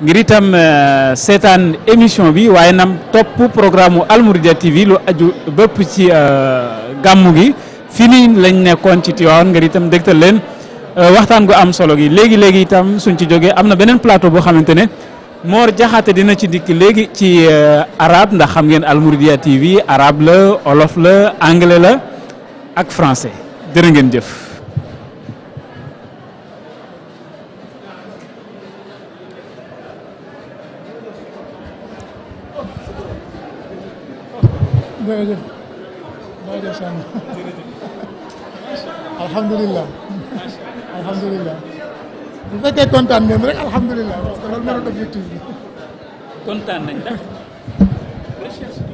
ngir itam euh, seetaan émission bi waaye nam topp programme mu Almouridiyyah TV lu aju bëpp ci euh, gàmmu gi fii nii lañ nekkoon ci Tivaouane ngir itam dégtal leen euh, waxtaan gu am solo gi léegi léegi itam suñ ci jógee am na beneen plateau boo xamante ne Mor jaxaate dina ci dikk léegi ci arab ndax xam ngeen Almouridiyyah TV arab la olof la anglais la ak français jërë ngeen jëf. jërëjëf jërëjëf Sane alhamdulilah alhamdulilah bu fekkee kontaan ngeen rek alhamdulilah parce que loolu mooy objectif bi kontaan nañ ndax recherche